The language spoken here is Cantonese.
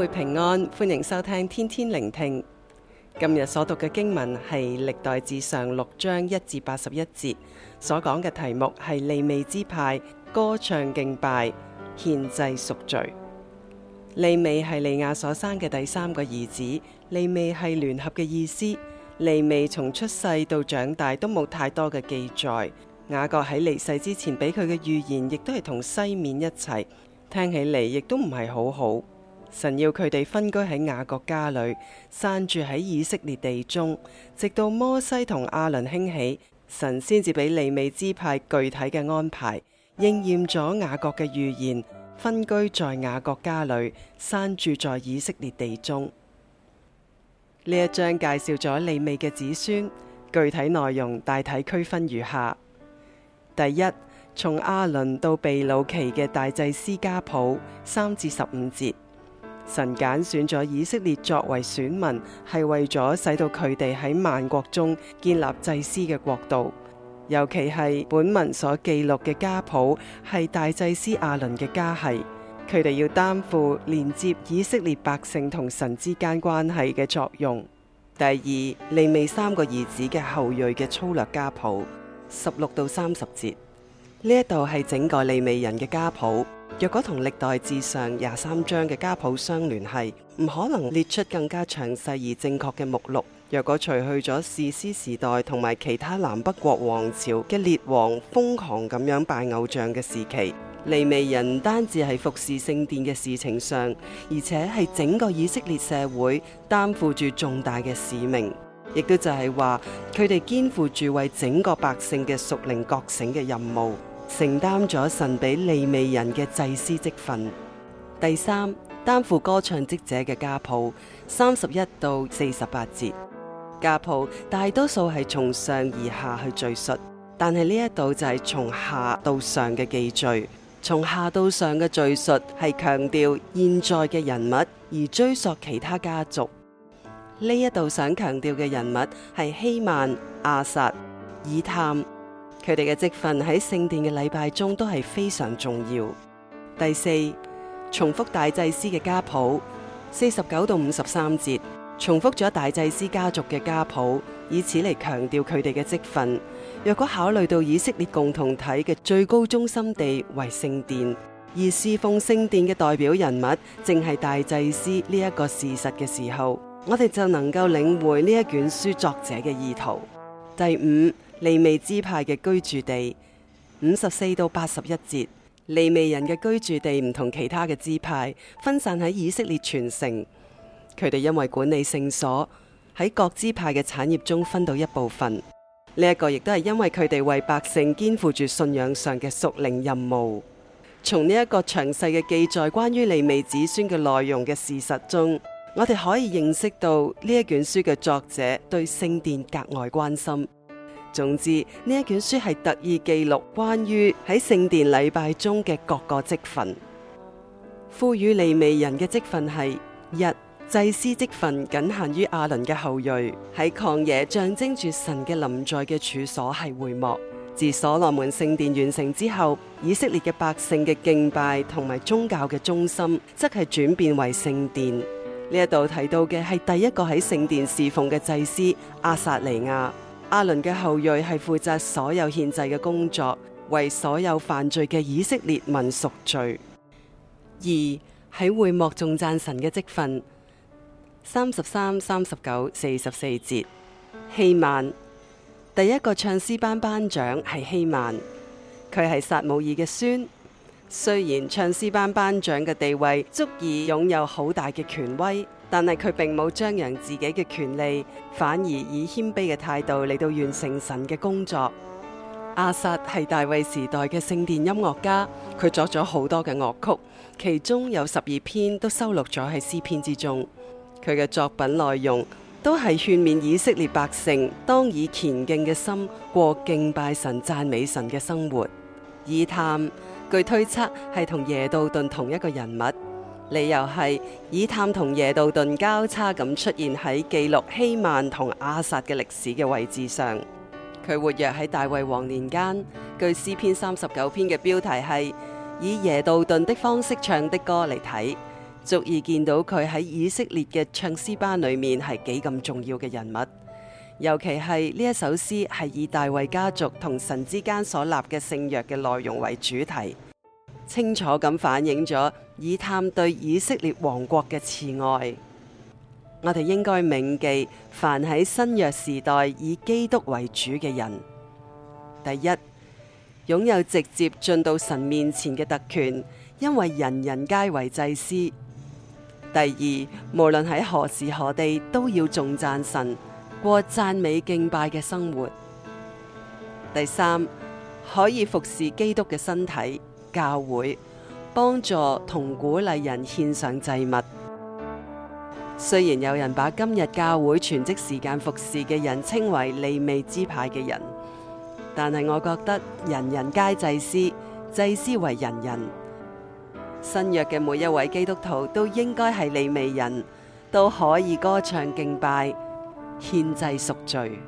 會平安，歡迎收聽天天靈聽。今日所讀嘅經文係歷代志上六章一至八十一節，所講嘅題目係利未支派，歌唱敬拜、獻祭贖罪。利未係利亞所生嘅第三個兒子。利未係聯合嘅意思。利未從出世到長大都冇太多嘅記載。雅各喺離世之前俾佢嘅預言，亦都係同西緬一齊聽起嚟，亦都唔係好好。神要佢哋分居喺雅各家裡，散住喺以色列地中，直到摩西同亞倫興起，神先至俾利未支派具體嘅安排應驗咗雅各嘅預言，分居在雅各家裡，散住在以色列地中。呢一章介紹咗利未嘅子孫，具體內容大體區分如下：第一，從亞倫到被擄期嘅大祭司家譜，三至十五節。神揀選咗以色列作為選民，係為咗使到佢哋喺萬國中建立祭司嘅國度。尤其係本文所記錄嘅家譜，係大祭司亞倫嘅家系，佢哋要擔負連接以色列百姓同神之間關係嘅作用。第二，利未三個兒子嘅後裔嘅粗略家譜，十六到三十節，呢一度係整個利未人嘅家譜。若果同歷代志上廿三章嘅家譜相聯繫，唔可能列出更加詳細而正確嘅目錄。若果除去咗士師時代同埋其他南北國王朝嘅列王瘋狂咁樣拜偶像嘅時期，利未人單止係服侍聖殿嘅事情上，而且係整個以色列社會擔負住重大嘅使命，亦都就係話佢哋肩負住為整個百姓嘅屬靈覺醒嘅任務。承擔咗神俾利未人嘅祭司職份。第三，擔負歌唱職者嘅家譜，三十一到四十八節。家譜大多數係從上而下去叙述，但係呢一度就係從下到上嘅記叙。從下到上嘅叙述係強調現在嘅人物，而追溯其他家族。呢一度想強調嘅人物係希幔、亞薩、以探。佢哋嘅職份喺聖殿嘅禮拜中都係非常重要。第四，重複大祭司嘅家譜，四十九到五十三節，重複咗大祭司家族嘅家譜，以此嚟強調佢哋嘅職份。若果考慮到以色列共同體嘅最高中心地為聖殿，而侍奉聖殿嘅代表人物正係大祭司呢一個事實嘅時候，我哋就能夠領會呢一卷書作者嘅意圖。第五，利未支派嘅居住地，五十四到八十一節，利未人嘅居住地唔同其他嘅支派，分散喺以色列全城。佢哋因為管理聖所，喺各支派嘅產業中分到一部分。呢、這、一個亦都係因為佢哋為百姓肩負住信仰上嘅屬靈任務。從呢一個詳細嘅記載關於利未子孫嘅內容嘅事實中。我哋可以認識到呢一卷書嘅作者對聖殿格外關心。總之，呢一卷書係特意記錄關於喺聖殿禮拜中嘅各個職份。賦予利未人嘅職份係一祭司職份，僅限於亞倫嘅後裔，喺曠野象徵住神嘅臨在嘅處所係會幕。自所羅門聖殿，殿完成之後，以色列嘅百姓嘅敬拜同埋宗教嘅中心，則係轉變為聖殿。呢一度提到嘅係第一個喺聖殿侍奉嘅祭司亞撒利雅阿倫嘅後裔，係負責所有獻祭嘅工作，為所有犯罪嘅以色列民贖罪。二喺會幕頌讚神嘅職分，三十三、三十九、四十四節。希曼第一個唱詩班班長係希曼，佢係撒母耳嘅孫。雖然唱詩班班長嘅地位足以擁有好大嘅權威，但係佢並冇張揚自己嘅權利，反而以謙卑嘅態度嚟到完成神嘅工作。亞薩係大衛時代嘅聖殿音樂家，佢作咗好多嘅樂曲，其中有十二篇都收錄咗喺詩篇之中。佢嘅作品內容都係勸勉以色列百姓，當以虔敬嘅心過敬拜神、讚美神嘅生活。以探。據推測係同耶杜頓同一個人物，理由係以探同耶杜頓交叉咁出現喺記錄希曼同阿撒嘅歷史嘅位置上。佢活躍喺大衛王年間。據詩篇三十九篇嘅標題係以耶杜頓的方式唱的歌嚟睇，足以見到佢喺以色列嘅唱詩班裏面係幾咁重要嘅人物。尤其係呢一首詩，係以大衛家族同神之間所立嘅聖約嘅內容為主題，清楚咁反映咗以探對以色列王國嘅慈愛。我哋應該銘記，凡喺新約時代以基督為主嘅人，第一，擁有直接進到神面前嘅特權，因為人人皆為祭司；第二，無論喺何時何地，都要頌讚神。過讚美敬拜嘅生活。第三，可以服侍基督嘅身體教會，幫助同鼓勵人獻上祭物。雖然有人把今日教會全職時間服侍嘅人稱為利未支派嘅人，但係我覺得人人皆祭司，祭司為人人。新約嘅每一位基督徒都應該係利未人，都可以歌唱敬拜。獻祭贖罪。